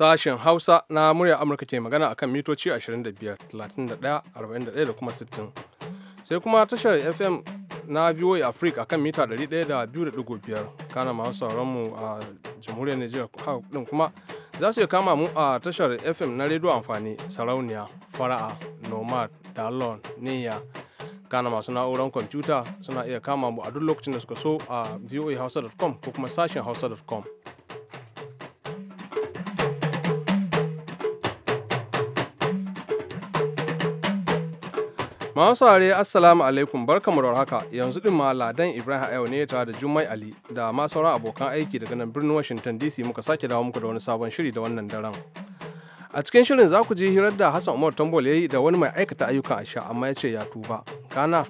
Sashen Hausa na murya Amurka ke magana akan mitoci 25, 31, 41 da kuma 60. Sai kuma tashar FM na VOA Africa akan mita 102.5 kana masu sauran mu a jamhuriyar Nijar din kuma za su iya kama mu a tashar FM na rediyo amfani sarauniya fara'a nomad dalon niya kana masu na'urar kwamfuta suna iya kama mu a duk lokacin da suka so a voahausa.com ko kuma sashen hausa.com Masu saurare Assalamu alaikum barkamu da haka yanzu din ma Ladan Ibrahim yau ne tare da Jummai Ali da ma sauran abokan aiki daga nan birnin Washington DC muka sake dawo muku da wani sabon shiri da wannan daren. A cikin shirin za ku ji hirar da Hassan Umar Tambol ya yi da wani mai aikata ayyukan asha amma ya ce ya tuba. Kana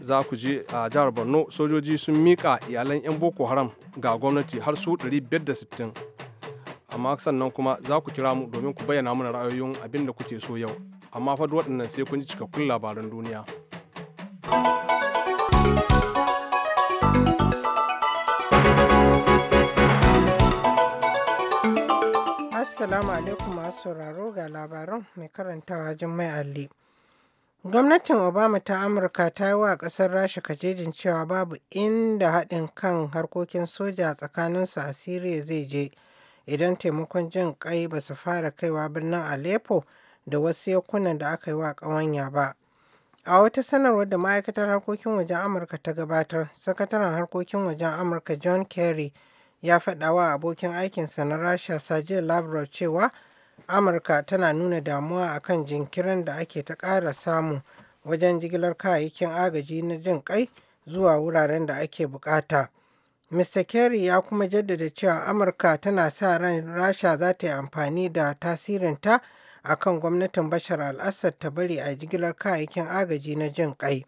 za ku ji a jihar Borno sojoji sun mika iyalan 'yan Boko Haram ga gwamnati har su 560. Amma sannan kuma za ku kira mu domin ku bayyana mana ra'ayoyin abin da kuke so yau. amma fa waɗannan sai kun ji cikakkun labaran duniya. Assalamu alaikum masu sauraro ga labaran mai karantawa Jummai Ali. Gwamnatin Obama ta Amurka ta yi wa ƙasar Rasha kajejin cewa babu inda haɗin kan harkokin soja tsakaninsu a Siriya zai je idan taimakon jin ƙai ba su fara kaiwa birnin Aleppo da wasu yankunan da aka yi wa ƙawanya ba. A wata sanarwar da ma'aikatar harkokin wajen Amurka ta gabatar, sakataren harkokin wajen Amurka John Kerry ya faɗa wa abokin aikinsa na Rasha Sergei Lavrov cewa Amurka tana nuna damuwa akan jinkirin da ake ta ƙara samu wajen jigilar kayayyakin agaji na jin ƙai zuwa wuraren da ake buƙata. Mr. Kerry ya kuma jaddada cewa Amurka tana sa ran Rasha za ta yi amfani da tasirinta akan gwamnatin Bashar al-Assad ta bari a jigilar kayayyakin agaji na jin kai.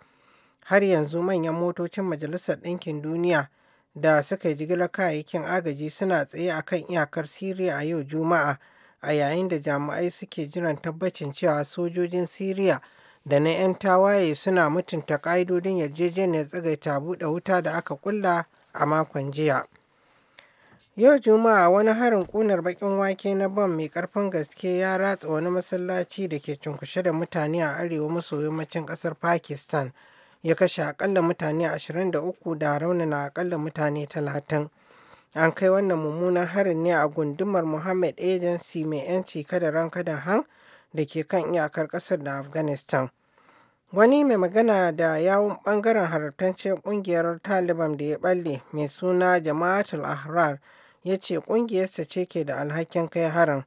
Har yanzu manyan motocin Majalisar Ɗinkin Duniya da suka yi jigilar kayayyakin agaji suna tsaye a kan iyakar Siriya a yau Juma'a a yayin da jami'ai suke jiran tabbacin cewa sojojin Siriya da na 'yan tawaye suna mutunta ƙa'idodin yarjejeniyar tsagaita buɗe wuta da aka kulla a makon jiya. Yau Juma'a wani harin kunar bakin wake na bom mai karfin gaske ya ratsa wani masallaci da ke cunkushe da mutane a arewa maso yammacin ƙasar Pakistan ya kashe akalla mutane 23 da raunana akalla mutane 30. An kai wannan mummunan harin ne a gundumar Muhammad Agency mai 'yanci kada ran kada han da ke kan iyakar ƙasar da Afghanistan. Wani mai magana da yawun bangaren harattancin ƙungiyar Taliban da ya balle mai suna Jama'atul Ahrar ya ce ƙungiyarsa ce ke da alhakin kai harin.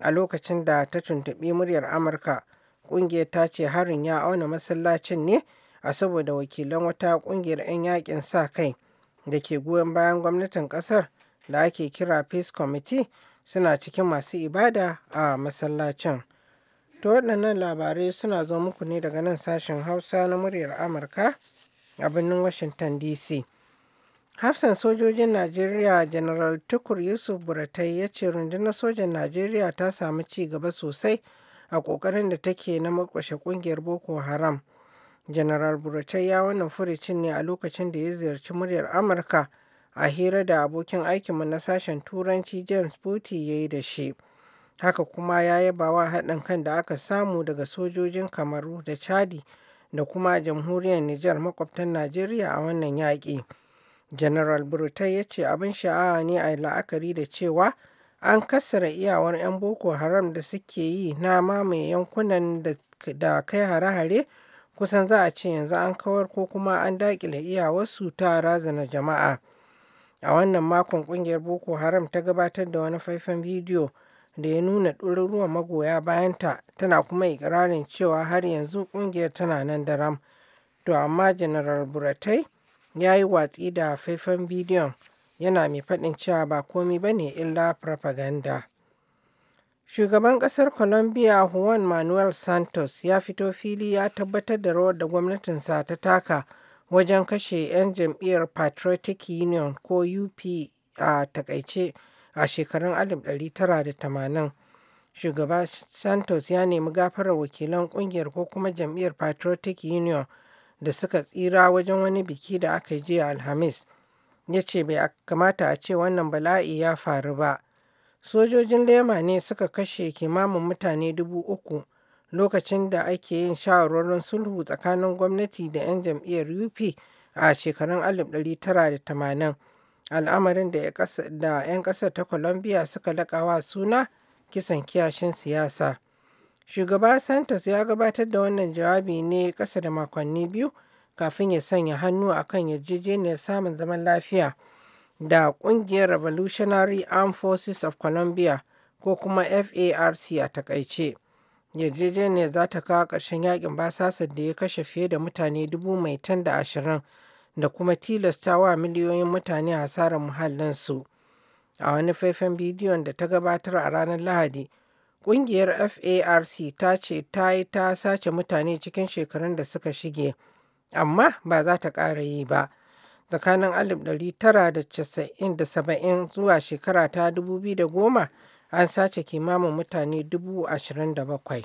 A lokacin da ta tuntuɓi muryar Amurka, ƙungiyar ta ce harin ya auna masallacin ne a saboda wakilan wata ƙungiyar 'yan yakin sa kai da ke goyon bayan gwamnatin ƙasar da ake kira Peace Committee suna cikin masu ibada a masallacin. Ta waɗannan labarai suna zo muku ne daga nan sashen Hausa na muryar Amurka a birnin Washington DC. Hafsan sojojin Najeriya General Tukur Yusuf Buratai ya ce rundunar sojan Najeriya ta samu ci gaba sosai a ƙoƙarin da take na makwashe ƙungiyar Boko Haram. General Buratai ya wannan furicin ne a lokacin da ya ziyarci muryar Amurka a hira da abokin aikinmu na sashen Turanci James Buti ya yi da shi. Haka kuma ya yaba wa haɗin kan da aka samu daga sojojin Kamaru da Chadi da kuma jamhuriyar Nijar makwabtan Najeriya a wannan yaƙi. general burtai ya ce abin sha'awa ne a la'akari da cewa an kassara iyawar 'yan boko haram da suke yi na mamaye yankunan da kai hare-hare kusan za a ce yanzu an kawar ko kuma an daƙile iyawarsu ta razana jama'a a wannan makon kungiyar boko haram ta gabatar da wani faifan bidiyo da ya nuna ɗururuwan magoya bayanta tana kuma ikirarin cewa har yanzu kungiyar tana nan daram to amma general buratai ya yi watsi da faifan bidiyon yana mai faɗin cewa ba komi ba ne illa propaganda. Shugaban ƙasar Colombia Juan Manuel Santos ya fito fili ya tabbatar da rawar da gwamnatinsa ta taka wajen kashe 'yan jam'iyyar Patriotic Union ko UP a takaice a shekarun 1980. Shugaba Santos ya nemi gafarar wakilan ƙungiyar ko kuma jam'iyyar Patriotic Union da suka tsira wajen wani biki da aka je alhamis ya ce bai kamata a ce wannan bala'i ya faru ba sojojin lema ne suka kashe kimamin mutane dubu uku lokacin da ake yin shawarwarin sulhu tsakanin gwamnati da 'yan jam'iyyar up a shekarun 1980 al'amarin da 'yan ƙasar ta colombia suka laƙawa suna kisan kiyashin siyasa Shugaba Santos ya gabatar da wannan jawabi ne ƙasa da makonni biyu kafin ya sanya hannu a kan yarjejeniyar samun zaman lafiya da ƙungiyar Revolutionary Armed Forces of Colombia ko kuma FARC a takaice. Yarjejeniyar za ta kawo ƙarshen yaƙin basasar da ya kashe fiye da mutane dubu mai tan da ashirin da kuma tilasta wa miliyoyin mutane hasarar muhallinsu. A wani faifan bidiyon da ta gabatar a ranar Lahadi, Ƙungiyar FARC ta ce ta yi ta sace mutane cikin shekarun da suka shige, amma ba za ta ƙara yi ba. Tsakanin 1970 zuwa shekara ta 2010 an sace kimamin mutane bakwai.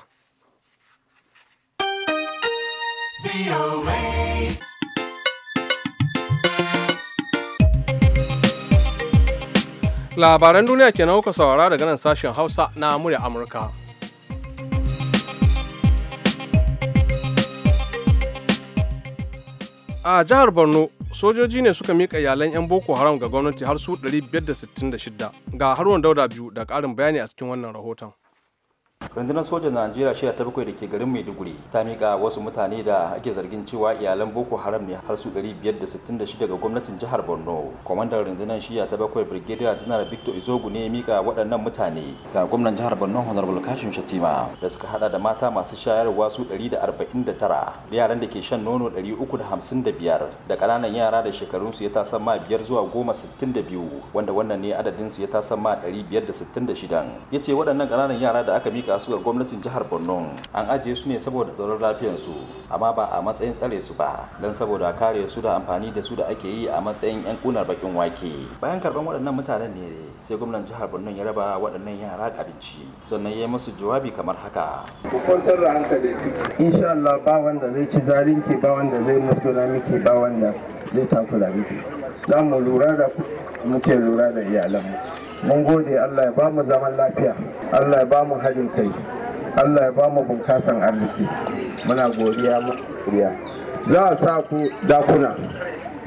labaran duniya kenan kuka saurara daga nan sashen hausa na murya amurka a jihar borno sojoji ne suka mika iyalan 'yan boko haram ga gwamnati har su 566 ga harwan dauda biyu da karin bayani a cikin wannan rahoton rundunar sojan najeriya shida ta bakwai da ke garin maiduguri ta mika wasu mutane da ake zargin cewa iyalan boko haram ne har su 566 ga gwamnatin jihar borno kwamandan rundunar shiya ta bakwai brigadier general victor izogu ne mika waɗannan mutane ga gwamnan jihar borno honorable kashin shatima da suka hada da mata masu shayarwa su 149 da yaran da ke shan nono 355 da ƙananan yara da shekarunsu ya ta ma biyar zuwa goma 62 wanda wannan ne su ya ta ma 566 ya ce waɗannan ƙananan yara da aka mika mika su ga gwamnatin jihar borno an ajiye su ne saboda tsaron lafiyarsu amma ba a matsayin tsare su ba don saboda kare su da amfani da su da ake yi a matsayin yan kunar bakin wake bayan karban waɗannan mutanen ne sai gwamnan jihar borno ya raba waɗannan yara abinci sannan ya yi musu jawabi kamar haka ku kwantar da hankali insha Allah ba wanda zai ci zalunci ba wanda zai musguna miki ba wanda zai takura miki za mu lura da muke lura da iyalanmu mun gode Allah ya ba mu zaman lafiya Allah ya ba mu haɗin kai Allah ya ba mu bunkasan arziki muna godiya za a sa ku dakuna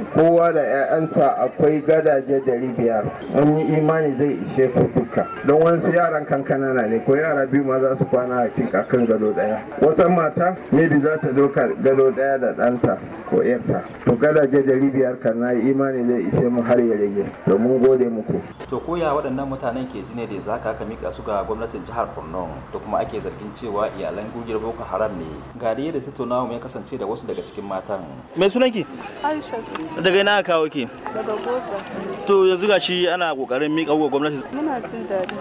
kowa da 'ya'yansa akwai gadaje dari biyar an yi imani zai ishe ku duka don wasu yaran kankana na ne ko yara biyu ma za su kwana a cin akan gado daya wata mata maybe za ta doka gado daya da ɗanta ko yarta to gadaje dari biyar kan na yi imani zai ishe mu har ya rage to mun gode muku to koya waɗannan mutanen ke ji da za ka mika su ga gwamnatin jihar borno da kuma ake zargin cewa iyalan gungiyar boko haram ne ga da yadda tattaunawa ya kasance da wasu daga cikin matan mai sunanki aisha daga ina kawo ke daga gosa to yanzu ga shi ana kokarin mika wa gwamnati muna jin daɗi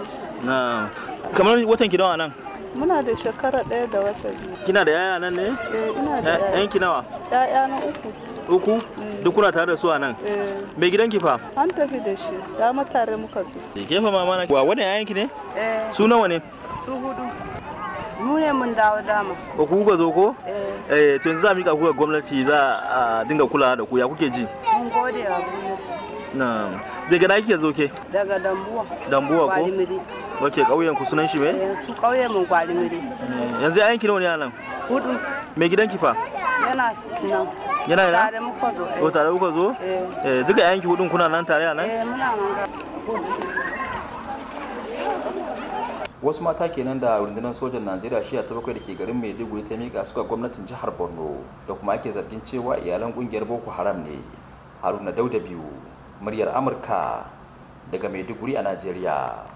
na kamar watan ki nawa nan muna da shekara ɗaya da wata biyu kina da yaya nan ne eh ina da yaya ki nawa yaya na uku uku mm. duk kuna tare da su a nan eh. mai gidan ki fa an tafi da shi da matare muka zo ke fa mama na wa wannan yayan ki ne eh. su nawa ne su hudu mu ne mun dawo dama ko ku kuka zo ko eh, eh to yanzu za mu mika kuka gwamnati za a dinga kula da ku ya kuke ji mun gode wa gwamnati na daga na kike zo ke daga dambuwa dambuwa ko ok kauyen ku sunan shi me eh, su kauyen mun kwalimiri eh, yanzu ayanki nawa ne a nan hudu Me gidan ki fa yana nan yana yana tare muka zo eh oh, tare muka zo eh duka ayanki hudun kuna nan tare a nan eh muna nan wasu mata kenan da rundunar sojan najeriya shiya ta bakwai da ke garin maiduguri ta mika suka gwamnatin jihar borno da kuma ake zargin cewa iyalan kungiyar boko haram ne haruna dauda biyu muryar amurka daga maiduguri a najeriya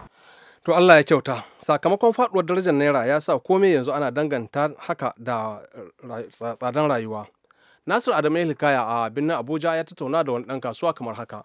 to allah ya kyauta sakamakon faduwar darajar naira ya sa komai yanzu ana danganta haka da tsadan rayuwa nasir adamu hikaya a birnin abuja ya tattauna da wani dan kasuwa kamar haka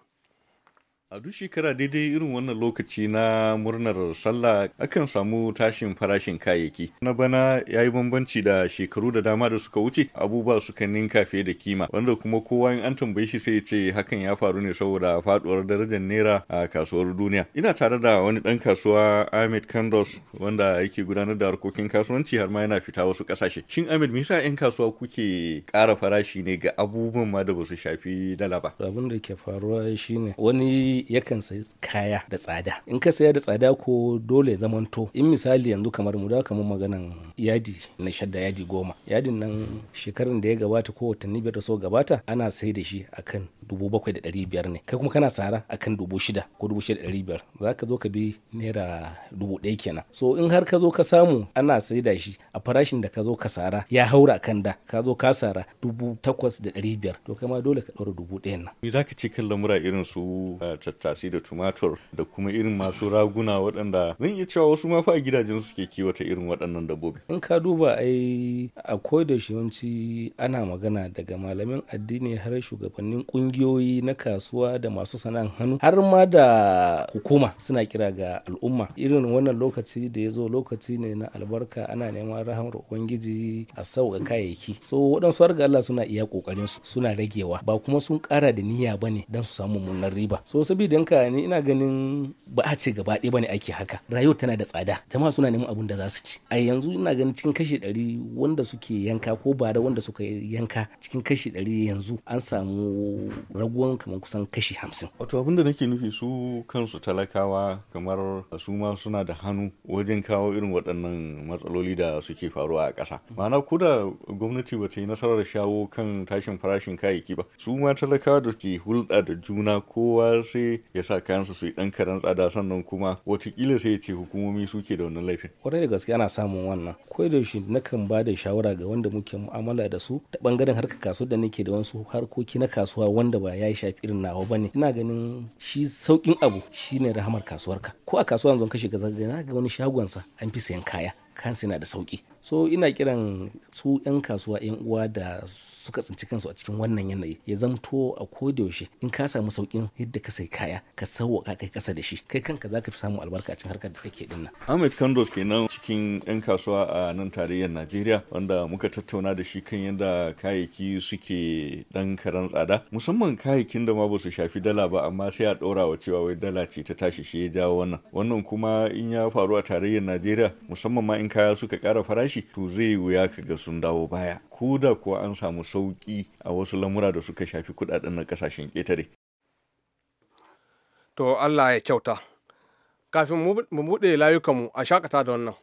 A duk shekara daidai irin wannan lokaci na murnar sallah akan samu tashin farashin kayayyaki. Na bana ya yi bambanci da shekaru da dama da suka wuce abubuwa sukan ninka fiye da kima wanda kuma kowa in an tambaye shi sai ya ce hakan ya faru ne saboda faduwar darajar naira a kasuwar duniya. Ina tare da wani dan kasuwa Ahmed Kandos wanda yake gudanar da harkokin kasuwanci har ma yana fita wasu kasashe. Shin Ahmed me yasa 'yan kasuwa kuke kara farashi ne ga abubuwan ma da ba su shafi dala ba? Abin da ke faruwa shine wani yakan sayi kaya da tsada in ka saya da tsada ko dole zamanto in misali yanzu kamar mu da kamar maganan yadi na shadda yadi goma yadin nan shekarun da ya gabata ko watanni biyar da so gabata ana sai da shi akan dubu bakwai da ɗari biyar ne kai kuma kana sara akan dubu shida ko dubu shida da ɗari biyar za ka zo ka bi naira dubu ɗaya kenan so in har ka zo ka samu ana sai da shi a farashin da ka zo ka sara ya haura kan da ka zo ka sara dubu takwas da ɗari biyar to kai ma dole ka ɗora dubu ɗaya nan. me za ka ce kan lamura irin su eh, tattasai da tumatur da kuma irin masu raguna waɗanda zan iya cewa wasu ma a gidajen suke kiwata irin waɗannan dabbobi in ka duba ai a koda yawanci ana magana daga malamin addini har shugabannin ƙungiyoyi na kasuwa da masu sana'an hannu har ma da hukuma suna kira ga al'umma irin wannan lokaci da ya zo lokaci ne na albarka ana neman rahamar ubangiji a sauka kayayyaki so waɗansu har ga Allah suna iya kokarin su suna ragewa ba kuma sun ƙara da niyya ba ne don su samu munnar riba so saboda yanka ni ina ganin ba a ce gaba ɗaya bane ake haka rayuwar tana da tsada jama'a suna neman abun da za su ci a yanzu ina ganin cikin kashi ɗari wanda suke yanka ko ba da wanda suka yanka cikin kashi ɗari yanzu an samu raguwan kamar kusan kashi hamsin. wato abin da nake nufi su kansu talakawa kamar su ma suna da hannu wajen kawo irin waɗannan matsaloli da suke faruwa a ƙasa ma'ana ko da gwamnati ba ta yi nasarar shawo kan tashin farashin kayayyaki ba su ma talakawa da ke hulɗa da juna kowa sai ya sa kayansu su yi dan karan tsada sannan kuma watakila sai ya ce hukumomi suke da wannan laifin kwarai da gaske ana samun wannan ko da na kan ba da shawara ga wanda muke mu'amala da su ta bangaren harka kasuwa da nake da wasu harkoki na kasuwa wanda ba ya shafi irin nawa ba ne ina ganin shi sauƙin abu shine rahamar kasuwarka ko a kasuwa yanzu ka shiga zaga ga wani shagonsa an fi sayan kaya kansu yana da sauki so ina kiran su 'yan kasuwa 'yan uwa da suka tsinci kansu a cikin wannan yanayi ya zamto a yaushe in ka samu saukin yadda ka sai kaya ka sauwaka kai kasa da shi kai kanka za ka fi samun albarka a cikin harkar da kake dinnan. ahmed kandos kenan cikin 'yan kasuwa a nan tarayyar najeriya wanda muka tattauna da shi kan yadda kayayyaki suke dan karan tsada musamman kayayyakin da ma ba su shafi dala ba amma sai a ɗora wa cewa wai dala ce ta tashi shi ya jawo wannan wannan kuma in ya faru a tarayyar najeriya musamman ma in kaya suka ƙara farashi to zai wuya ka ga sun dawo baya ko da kuwa an samu sauƙi a wasu lamura da suka shafi kuɗaɗen na ƙasashen ƙetare. To Allah ya kyauta. Kafin mu buɗe layukanmu a shakata da wannan.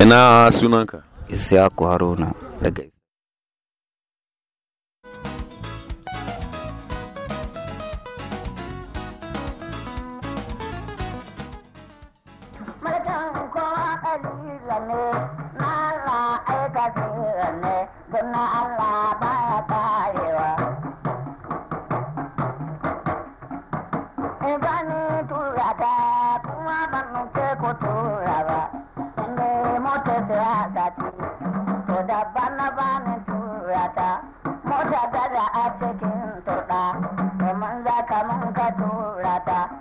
Ina sunanka? Isiyaku Haruna daga suna Allah ba ya karewa. Ibani tura ta kuma ban ce ku tura ba, inda mota siyasa ce, to daban na bani tura ta, mota gada a cikin turɗa, domin za ka mun ka tura ta.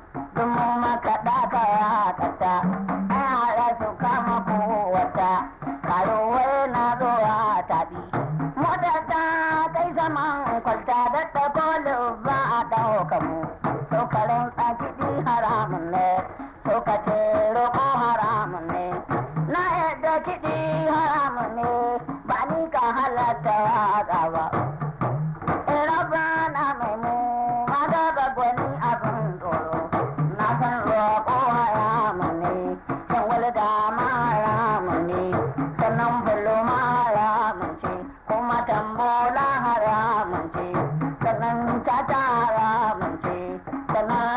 Tanam cha cha ra manche Tanam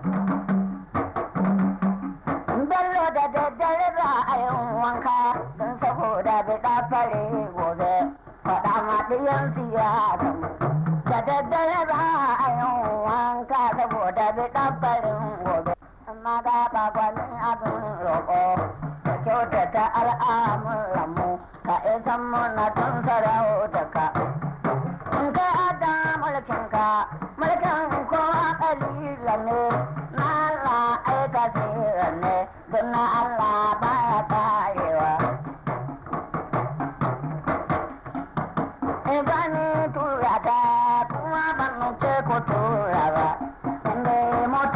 yan siyasa da daddare ba a yi wanka saboda bidan farin gobe amma ga ni abin roƙo da kyautata al'amuranmu ka isan muna tun sarautaka in ka ada mulkinka mulkin kowa kalila ne na Allah aika ne don na Allah baya kare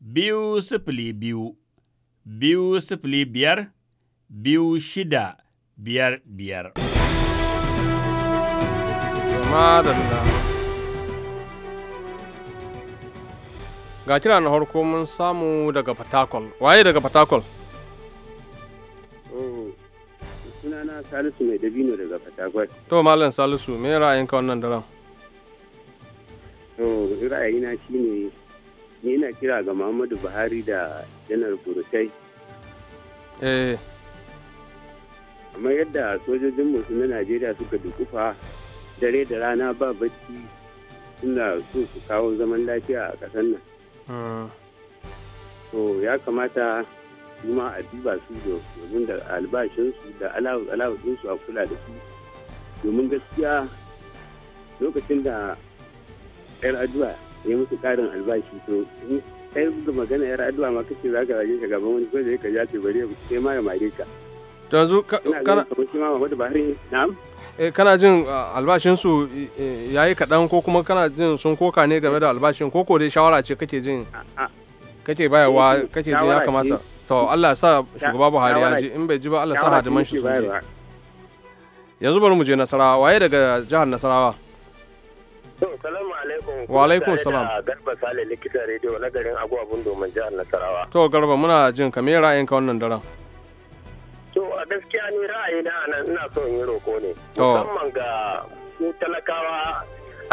biyu sifili biyu, biyu sifili biyar, biyu shida biyar biyar. Ga kira na harko mun samu daga Fatakol. Waye daga Fatakol? Oh, sunana Salisu mai dabino daga Fatakwal. To Malam Salisu, me ra'ayinka wannan daren? To ra'ayina shine yana kira ga muhammadu buhari da janar burtai eh amma yadda sojojin musu na najeriya suka dukufa dare da rana ba bacci suna so su kawo zaman lafiya a ƙasar nan ah. to ya kamata kuma a duba su domin da albashinsu da alawudinsu a kula da su domin gaskiya lokacin da 'yar addu'a ya musu karin albashi to kai da magana yar addu'a ma kace za ka rage ka gaban wani ko da ka ja ce bari sai ma ya mare ka to yanzu kana shi ma Muhammadu Buhari na'am eh kana jin ah, albashin su eh, yayi kadan ko kuma kana jin sun koka ne game da albashin ko ko dai shawara ce kake jin kake bayarwa kake jin ya kamata to Allah ya sa shugaba Buhari ya ji in bai ji ba Allah ya sa hadiman shi sun ji yanzu bari mu je Nasarawa waye daga jihar Nasarawa alaikum. Wa alaikum salam. Garba Sale likita radio na garin abun domin jihar Nasarawa. To Garba muna jin ka me ra'ayinka wannan daren? To a gaskiya ni ra'ayina nan ina so in yi roko ne. Musamman ga mu talakawa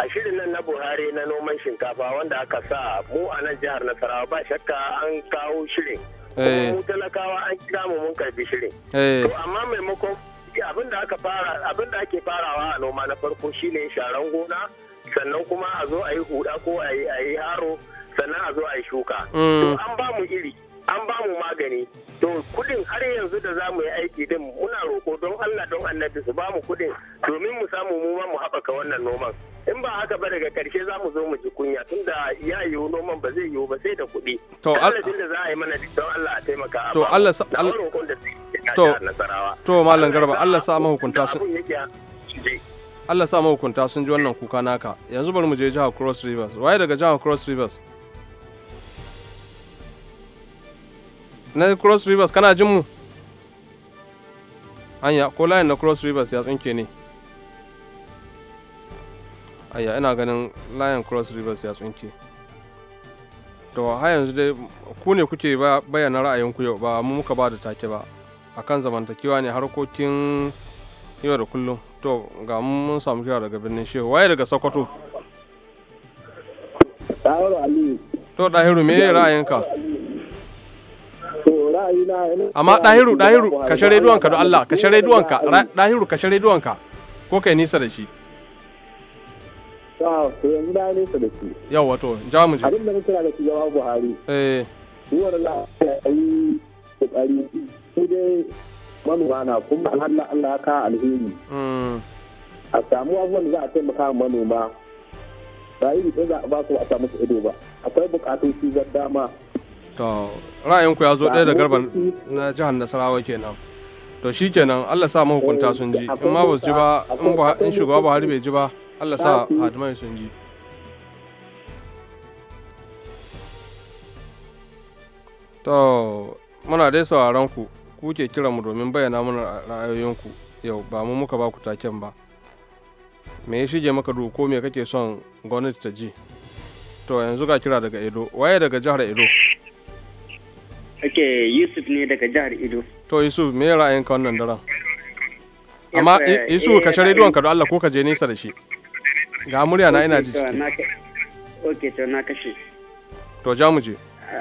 a shirin nan na Buhari na noman shinkafa wanda aka sa mu a nan jihar Nasarawa ba shakka an kawo shirin. Eh. Mu talakawa an kira mu mun karbi shirin. Eh. To amma maimakon abin da aka fara abin da ake farawa a noma na farko shine sharan gona sannan kuma a zo a yi huda ko a yi haro sannan a zo a yi shuka mm. to an ba mu iri an ba mu magani to kudin har yanzu da za mu yi aiki din muna roko don Allah don annabi su ba mu kudin domin mu samu mu mu haɓaka wannan noman in ba haka ba daga karshe za mu zo mu ji kunya tunda ya yiwu noman ba zai yiwu ba sai da kuɗi to Allah da za a yi mana don Allah a taimaka to Allah to to malam garba Allah sa mahukunta su yake Allah sa mahukunta sun ji wannan kuka naka yanzu bari mu je jihar Cross Rivers waye daga jihar Cross Rivers na Cross Rivers kana jin mu hanya ko layin na Cross Rivers ya tsinke ne Aya ina ganin layin Cross Rivers ya tsinke to ha yanzu dai ku ne kuke bayyana ra'ayinku yau ba mu muka ba da take ba akan zamantakewa ne harkokin yau da kullum to ga mun samu kira daga birnin shehu waye daga sokoto to ɗahiru me ra'ayinka amma ɗahiru ɗahiru ka share duwanka don Allah ka share duwanka ɗahiru ka share duwanka ko kai nisa da shi yau wato ja mu je abin da muke da shugaba Buhari eh duwar lafiya yi kokari manoma na kuma Allah Allah ka alheri mm. a samu abubuwan da za a taimaka manoma ba yi ɗaya a ba su a samu su ido ba akwai bukatun su zan dama to ra'ayinku ya zo ɗaya da garban na jihar nasarawa kenan to shi kenan allah sa mahukunta sun ji eh, in ma ba su ji ba in shugaba buhari bai ji ba allah sa hadimai sun ji to muna dai sauraron ku Kuke kira mu domin bayyana mana ra'ayoyinku yau ba mu muka ba ku taken ba me ya shige maka duk ko me kake son gwamnati ta ji to yanzu ga kira daga edo waye daga jihar edo ake yusuf ne daga jihar edo to yusuf me ra'ayinka wannan daren amma eh, yusuf ka share eh, duwan ka don allah ko ka je nesa da shi ga murya na ina ji ciki ok to na kashe to ja mu je a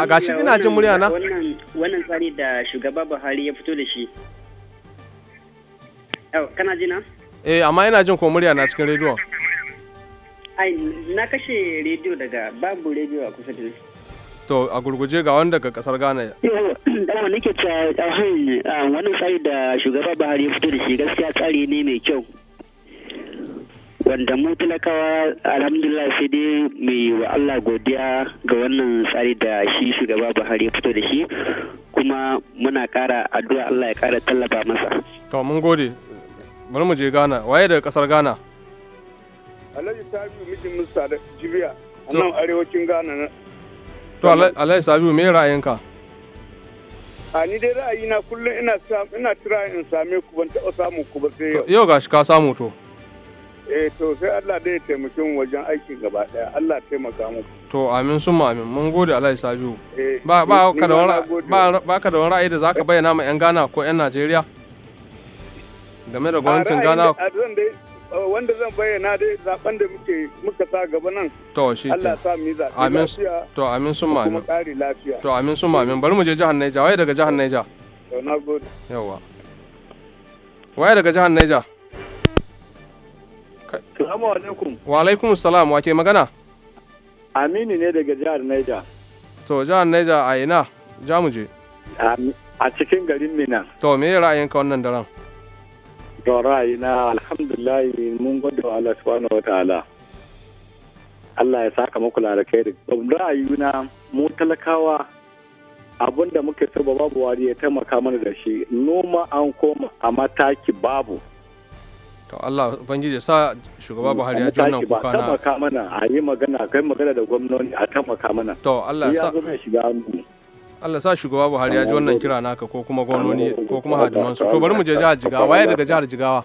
ah, gashi ina jin murya na wannan tsari da shugaba buhari ya fito da shi kana jina eh amma ina jin ko murya na cikin rediyo. ai na kashe rediyo daga babu rediyo a kusa da ni to a gurguje ga wanda daga kasar Ghana. Dawa nake cewa ah, ah, wannan tsari da shugaba Buhari ya fito da shi gaskiya tsari ne mai kyau wanda mu talakawa alhamdulillah sai dai mai wa Allah godiya ga wannan tsari da shi shugaba Buhari ya fito da shi kuma muna kara addu'a Allah ya kara tallafa masa. To mun gode. Bari mu je Ghana. Waye daga kasar Ghana? Alhaji Sabiu mijin Musa da Jibiya a nan arewacin Ghana. To Alhaji Sabiu me ra'ayinka? a ni dai ra'ayina kullum ina ina tira in same ku ban taɓa samun ku ba sai yau. Yau gashi ka samu to. eh to sai Allah dai ya taimake mu wajen aikin gaba daya Allah taimaka mu to amin sun mu amin mun gode Allah ya sabiu eh, ba ba ka da wani ba ka da wani ra'ayi da zaka bayyana ma yan Ghana ko yan Najeriya game da gwamnatin Ghana wanda zan bayyana dai zaben da muke muka sa gaba nan to shi Allah sa mu zaɓe amin to amin sun mu amin kuma ƙari lafiya to amin sun mu amin bari mu je jihar Niger waye daga jihar Niger to na gode yawa waye daga jihar Niger Salamu alaikum. Wa alaikum salam wa ke magana? Aminu ne daga jihar Naija. To jihar Naija a ina ja mu je. A cikin garin Mina. To me ra'ayinka wannan daren? To ra'ayina alhamdulillah mun gode wa Allah subhanahu wa ta'ala. Allah ya saka muku larakai da ra'ayina mu talakawa abin da muke so babu wari ya taimaka mana da shi noma an koma a mataki babu to Allah ubangiji sa shugaba Buhari ya ji wannan kuka na taimaka mana a yi magana kai magana da gwamnati a taimaka mana to Allah ya sa Allah sa shugaba Buhari ya ji wannan kira naka ko kuma gwamnati ko kuma hadiman su to bari mu je jihar Jigawa waye daga jihar Jigawa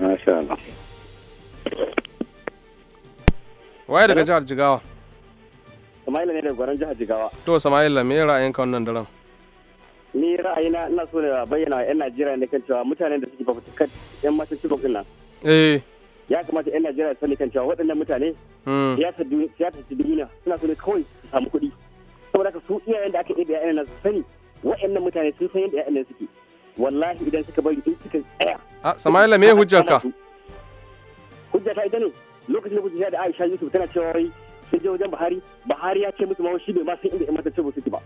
masha Allah waye daga jihar Jigawa Sama'ila ne daga gwaran jihar Jigawa to Sama'ila me ra'ayinka wannan daren ni ra'ayina ina so na bayyana wa 'yan najeriya ne kan cewa mutanen da suke fafutukar 'yan matan cikin din eh. ya kamata 'yan najeriya su sani kan cewa waɗannan mutane hmm. siyasar duniya suna so ne kawai su samu kuɗi saboda ka su iyayen da aka ɗebe 'ya'yan nan su sani waɗannan mutane sun san yadda 'ya'yan suke wallahi idan suka bari in suka tsaya a ah, samaila me hujjarka hujjata ita ne lokacin da kuke da Aisha Yusuf tana cewa wai sun je wajen Buhari Buhari ya ce musu ma shi bai ma san inda 'yan matan cibok suke ba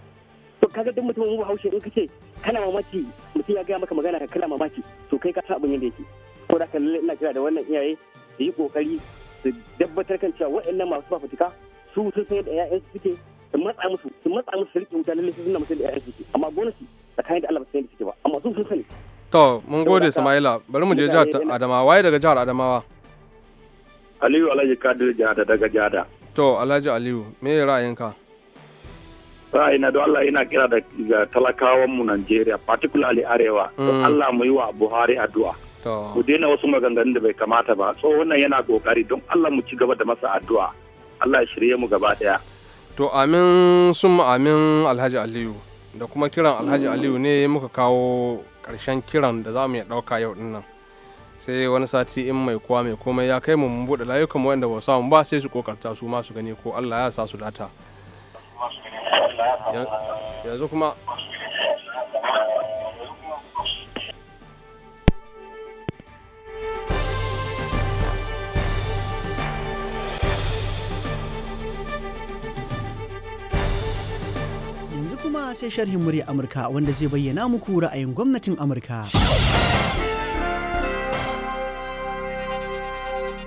kaga duk mutumin mu haushe in kace kana mamaki mutum ya gaya maka magana ka kana mamaki to kai ka sabu abin da yake ko da kan lalle ina kira da wannan iyaye su yi kokari su dabbatar kan cewa waɗannan masu fafutuka su sun san yadda ƴaƴan su suke su matsa musu su matsa musu su rike wuta lalle su suna musu da ƴaƴan su suke amma gwamnati tsakanin da Allah ba su san yadda suke ba amma su sun sani To, mun gode Sama'ila, bari mu je jihar Adamawa, waye daga jihar Adamawa? Aliyu Alhaji Kadir jihar daga jihar To, Alhaji Aliyu, me ra'ayinka? ra'ayina don Allah yana kira da talakawan mu Najeriya particularly arewa to mm. Allah mu yi wa Buhari addu'a mu daina wasu maganganun da bai kamata ba so wannan yana kokari don Allah mu ci gaba da masa addu'a Allah ya shirye mu gaba daya to amin sun amin Alhaji Aliyu da kuma kiran Alhaji mm. Aliyu ne muka kawo karshen kiran da za mu iya ɗauka yau dinnan sai wani sati in mai kuwa mai komai ya kai mu mun buɗe layukan waɗanda ba samu ba sai su kokarta su ma su gani ko Allah ya sa su data yanzu kuma yanzu kuma sai sharhin murya amurka wanda zai bayyana muku ra'ayin gwamnatin amurka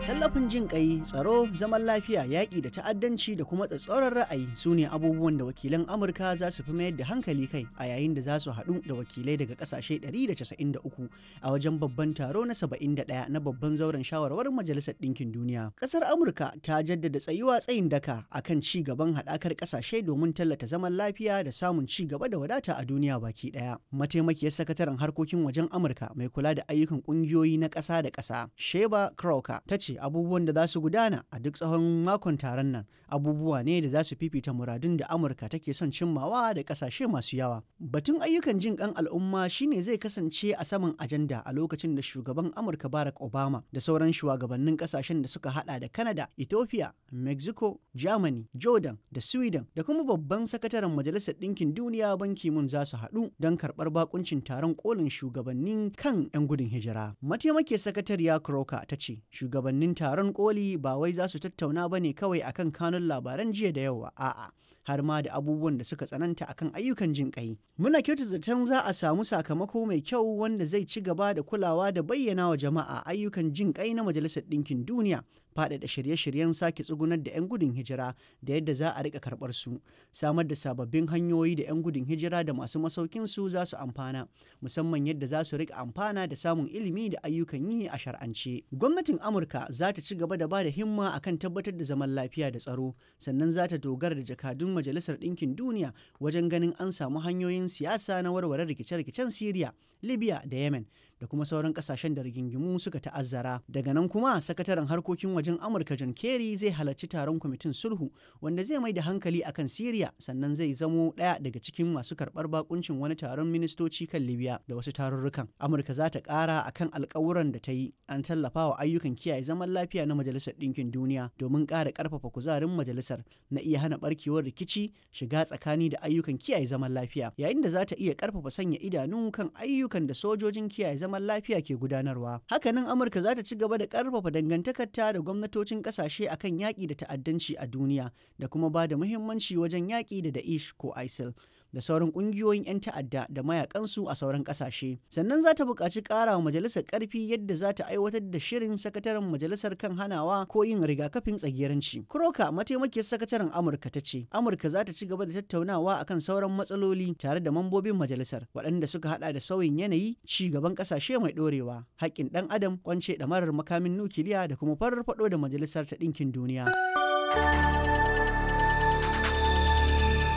tallafin jin ƙai, tsaro zaman lafiya yaƙi da ta'addanci da kuma tsatsauran ra'ayi su ne abubuwan da wakilan amurka za su fi mayar da hankali kai a yayin da za su haɗu da wakilai daga ƙasashe 193 a wajen babban taro na 71 na babban zauren shawarwar majalisar ɗinkin duniya ƙasar amurka ta jaddada tsayuwa tsayin daka akan ci gaban haɗakar ƙasashe domin tallata zaman lafiya da samun ci gaba da wadata a duniya baki ɗaya mataimakiyar sakataren harkokin wajen amurka mai kula da ayyukan ƙungiyoyi na ƙasa da ƙasa sheba crocker ta ce ce abubuwan da za su gudana a duk tsawon makon taron nan abubuwa ne da za su fifita muradun da amurka take son cimmawa da kasashe masu yawa batun ayyukan jin kan al'umma shine zai kasance a saman ajanda a lokacin da shugaban amurka barack obama da sauran shugabannin kasashen da suka hada da canada ethiopia mexico germany jordan da sweden da kuma babban sakataren majalisar ɗinkin duniya banki mun za su haɗu don karɓar bakuncin taron kolin shugabannin kan 'yan gudun hijira mataimakin sakatariya croker ta ce shugabannin Nin taron koli ba wai za su tattauna ba ne kawai akan kanun labaran jiya da yawa a'a har ma da abubuwan da suka tsananta akan ayyukan jin kai muna kyautu zaton za a samu sakamako mai kyau wanda zai ci gaba da kulawa da bayyana wa jama'a ayyukan jin kai na majalisar ɗinkin duniya faɗaɗa shirye-shiryen sake tsugunar da 'yan gudun hijira da yadda za a riƙa karɓar su samar da sababbin hanyoyi da 'yan gudun hijira da masu masaukin su za su amfana musamman yadda za su riƙa amfana da samun ilimi da ayyukan yi a shar'ance gwamnatin amurka za ta ci gaba da ba da himma akan tabbatar da zaman lafiya da tsaro sannan za ta dogara da jakadun majalisar ɗinkin duniya wajen ganin an samu hanyoyin siyasa na warware rikice-rikicen siriya libya da yemen da kuma sauran kasashen da rigingimu suka ta'azzara daga nan kuma sakataren harkokin wajen amurka john kerry zai halarci taron kwamitin sulhu wanda zai mai da hankali akan syria sannan zai zamo ɗaya daga cikin masu karɓar bakuncin wani taron ministoci kan libya da wasu tarurrukan amurka za ta ƙara akan alkawuran da ta yi an tallafa wa ayyukan kiyaye zaman lafiya na majalisar ɗinkin duniya domin ƙara karfafa kuzarin majalisar na iya hana barkewar rikici shiga tsakani da ayyukan kiyaye zaman lafiya yayin da za ta iya karfafa sanya idanu kan ayyukan da sojojin kiyaye zaman zaman lafiya ke gudanarwa. Hakanan Amurka za ta ci gaba da ƙarfafa dangantakarta da gwamnatocin ƙasashe kan yaƙi da ta'addanci a duniya da kuma ba da muhimmanci wajen yaƙi da Da'ish ko ISIL. da sauran ƙungiyoyin 'yan ta'adda da mayakansu a sauran ƙasashe. Sannan za ta buƙaci ƙara wa majalisar ƙarfi yadda za ta aiwatar da shirin sakataren majalisar kan hanawa ko yin rigakafin tsagiranci. Kroka mataimakiyar sakataren Amurka ta ce, Amurka za ta ci gaba da tattaunawa akan sauran matsaloli tare da mambobin majalisar waɗanda suka haɗa da sauyin yanayi, ci gaban ƙasashe mai ɗorewa, haƙƙin ɗan adam, kwance ɗamarar makamin nukiliya da kuma farfaɗo da majalisar ta ɗinkin duniya.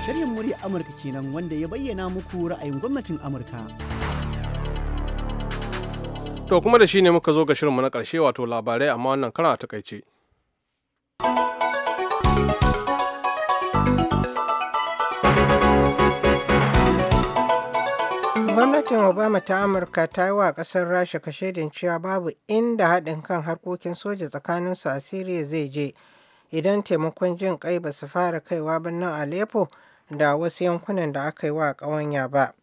Shirin murya Amurka kenan wanda ya bayyana muku ra'ayin gwamnatin Amurka. To kuma da shi ne muka zo ga shirinmu na ƙarshe wato labarai amma wannan karan a takaice. gwamnatin obama ta amurka ta yi wa kasar rasha kashedin cewa babu inda haɗin kan harkokin soja tsakanin su a siriya zai je idan taimakon jin kai ba su fara kaiwa birnin aleppo da wasu yankunan da aka yi wa ƙawanya ba.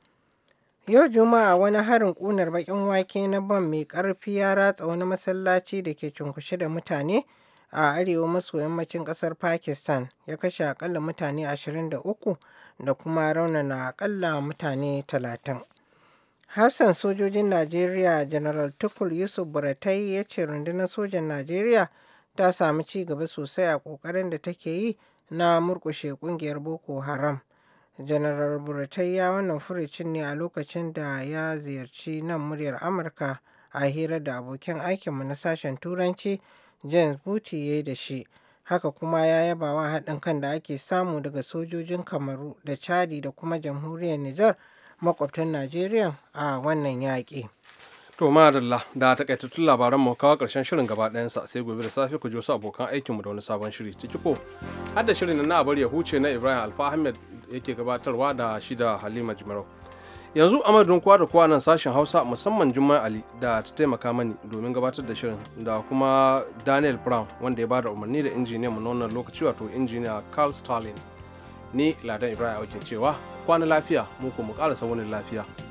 Yau Juma'a wani harin ƙunar baƙin wake na bam mai ƙarfi ya ratsa wani masallaci da ke cunkushe da mutane a arewa maso yammacin ƙasar Pakistan ya kashe akalla mutane 23 da kuma raunana akalla mutane 30. Hassan sojojin Najeriya General Tukul Yusuf Buratai ya ce rundunar sojan Najeriya ta sami ci gaba sosai a ƙoƙarin da take yi na murkushe kungiyar boko haram janaral buratai ya wannan furicin ne a lokacin da ya ziyarci nan muryar amurka a hira da abokin aikinmu na sashen turanci james buti ya yi da shi haka kuma ya yaba wa haɗin kan da ake samu daga sojojin kamaru da chadi da kuma jamhuriyar niger makwabtan najeriya a wannan yaƙi. To madalla da takaitattun labaran mu kawo karshen shirin gaba ɗayansa sai gobe da safe ku je wasu abokan aikinmu da wani sabon shiri ciki ko har da shirin na abar ya huce na Ibrahim Alfa Ahmed yake gabatarwa da shi da Halima Jimarau. Yanzu don kwa da kwa nan sashen Hausa musamman Juma'a Ali da ta taimaka mani domin gabatar da shirin da kuma Daniel Brown wanda ya bada umarni da injiniyan mu na wannan lokaci wato injiniya Carl Stalin. Ni Ladan Ibrahim ake cewa kwana lafiya mu ku mu ƙarasa wani lafiya.